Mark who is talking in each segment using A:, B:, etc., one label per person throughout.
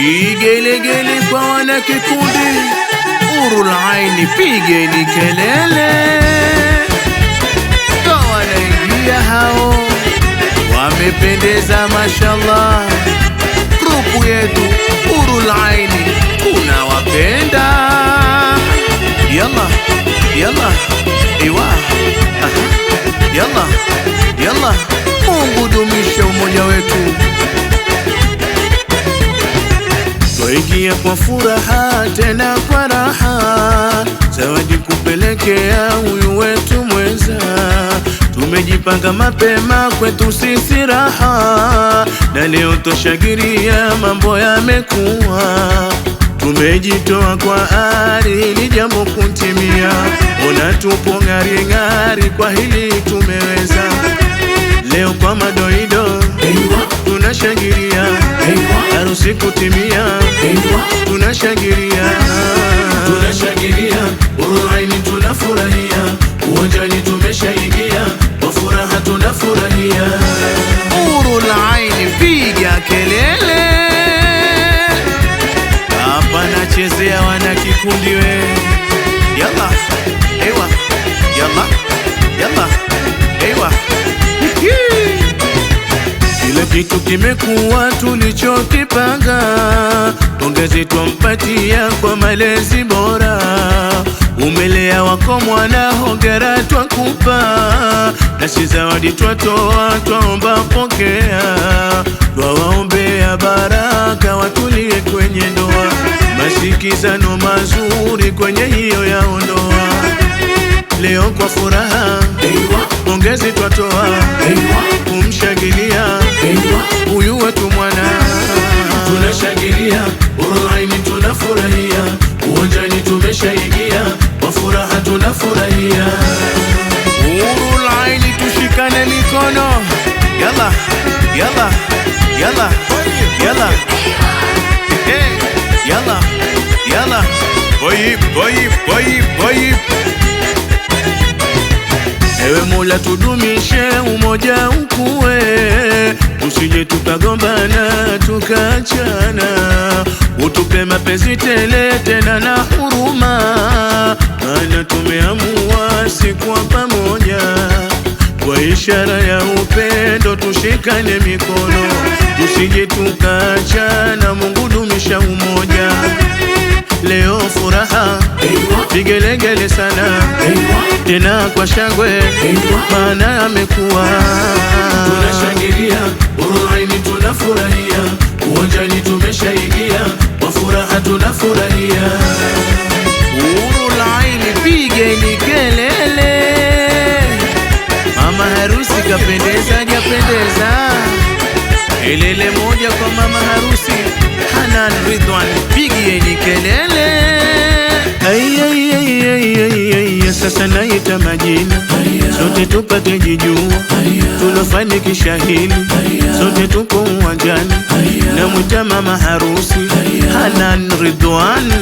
A: Vigelegele kwa wanakikundi, Nurul Aini, pigeni kelele. Kwa wanaingia hao wamependeza, mashallah. Grupu yetu Nurul kuna wapenda, yalla yalla, iwa yalla yalla. Mungu dumisha umoja wetu Ingia kwa furaha tena kwa raha, zawadi kupelekea huyu wetu mweza. Tumejipanga mapema kwetu sisi raha, na leo toshagiria mambo yamekuwa. Tumejitoa kwa ari ni jambo kutimia, ona tupo ng'ari ng'ari, kwa hili tumeweza. Leo kwa madoido tunashangilia harusi kutimia fundi yalla ewa yalla yalla ewa kile kitu kimekuwa tulichokipanga, pongezi twampatia kwa malezi bora. Umelea wako mwana, hongera twakupa, nasi zawadi twatoa, twaomba pokea, twawaombea baraka watulie kwenye ndoa masikizano mazuri kwenye hiyo ya ondoa. Leo kwa furaha pongezi twatoa, kumshangilia huyu wetu mwana,
B: tunashangilia Uruaini, tunafurahia uwanjani, tumeshaingia kwa furaha, tunafurahia
A: Uruaini, tushikane mikono, yala yala yala yala, yala. yala. yala. Yala boyip boyip boyip boyip. Ewe Mola tudumishe umoja ukue, usije tukagombana tukachana, utupe mapenzi tele tena na huruma, maana tumeamua sikuwa pamoja kwa ishara ya upendo tushikane mikono, tusije tukachana Mungu dumisha umoja leo furaha vigelegele sana tena kwa shangwe, maana amekuwa
B: tunashangilia urureni, tunafurahia uwanjani, tumeshaingia kwa furaha, tunafurahia
A: urulaini, pigeni kelele anaita majina, sote tupate jijua tulofanikisha hili, sote tuko uwanjani, namwita mama harusi Halan Ridwan,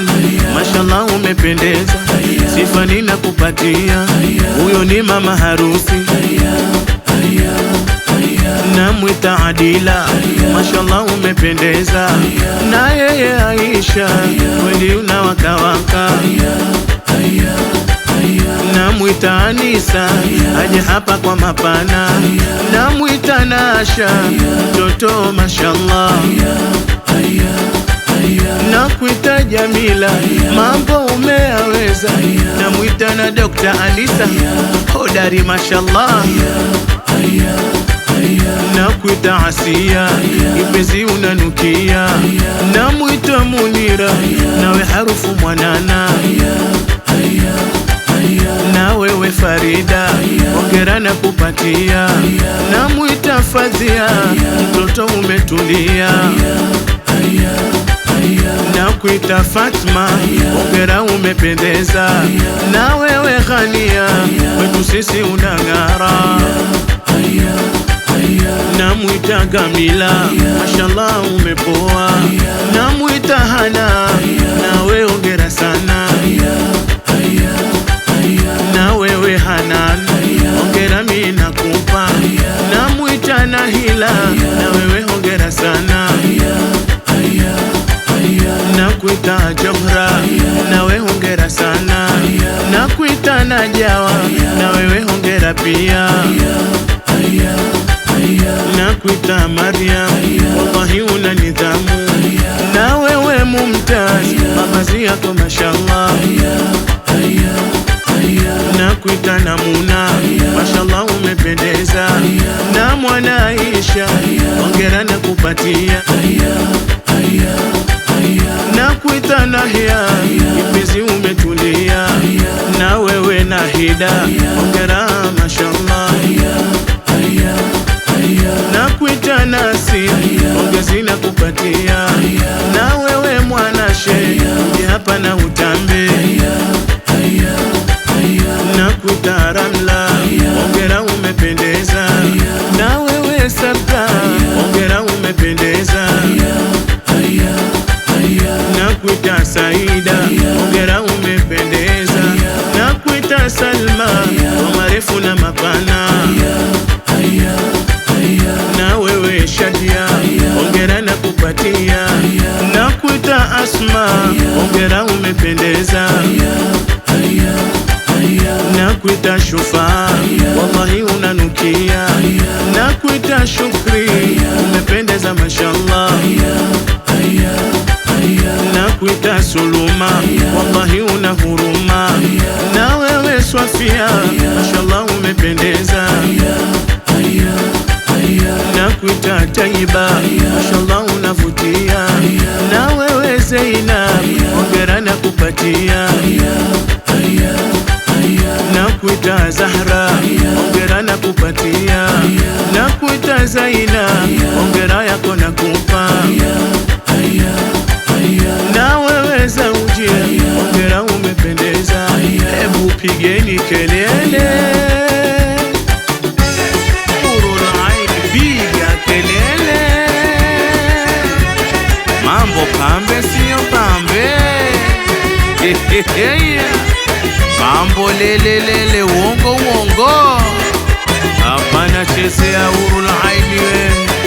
A: mashallah umependeza, sifa kupatia huyo ni mama harusi namwita Adila, mashallah umependeza, na yeye Aisha, kweli unawakawaka namwita Anisa aje hapa kwa mapana, namwita Nasha mtoto mashallah, nakwita Jamila aya, mambo umeyaweza, namwita na Dokta Anisa hodari mashallah nakwita Asia ipezi unanukia, namwita Munira nawe harufu mwanana aya, Farida, ongera na kupatia na mwita Fadhia, mtoto umetulia na kuita Fatma, ongera umependeza na wewe Khania, wetu sisi unang'ara na mwita mashallah umepoa na Hana na wewe nawe hongera sana, kuita na Jawa, na hongera pia, nakuita Mariam, wallahi una nidhamu, na wewe mumtaz, mavazi yako mashallah, nakuita na Muna, mashallah umependeza, na mwana Aisha, hongera na kupatia hata nahia, mbizi umetulia na wewe na hida, ongera mashama na kuita nasi ongezi na kupatia nakuita Saida, ongera umependeza, nakuita Salma kwa marefu na mapana, na wewe Shadia, ongera nakupatia, nakuita Asma, ongera umependeza, nakuita Shufa, wallahi unanukia, nakuita Shukri, umependeza mashallah. pia, mashallah umependeza, na kuita Taiba, mashallah unavutia, na wewe Zeina, ongera na kupatia, na kuita Zahra, ongera na kupatia, na kuita Zaina, ongera yako na kupa pambe siyo pambe mambo lelelele uongo uongo hapana chezea huru la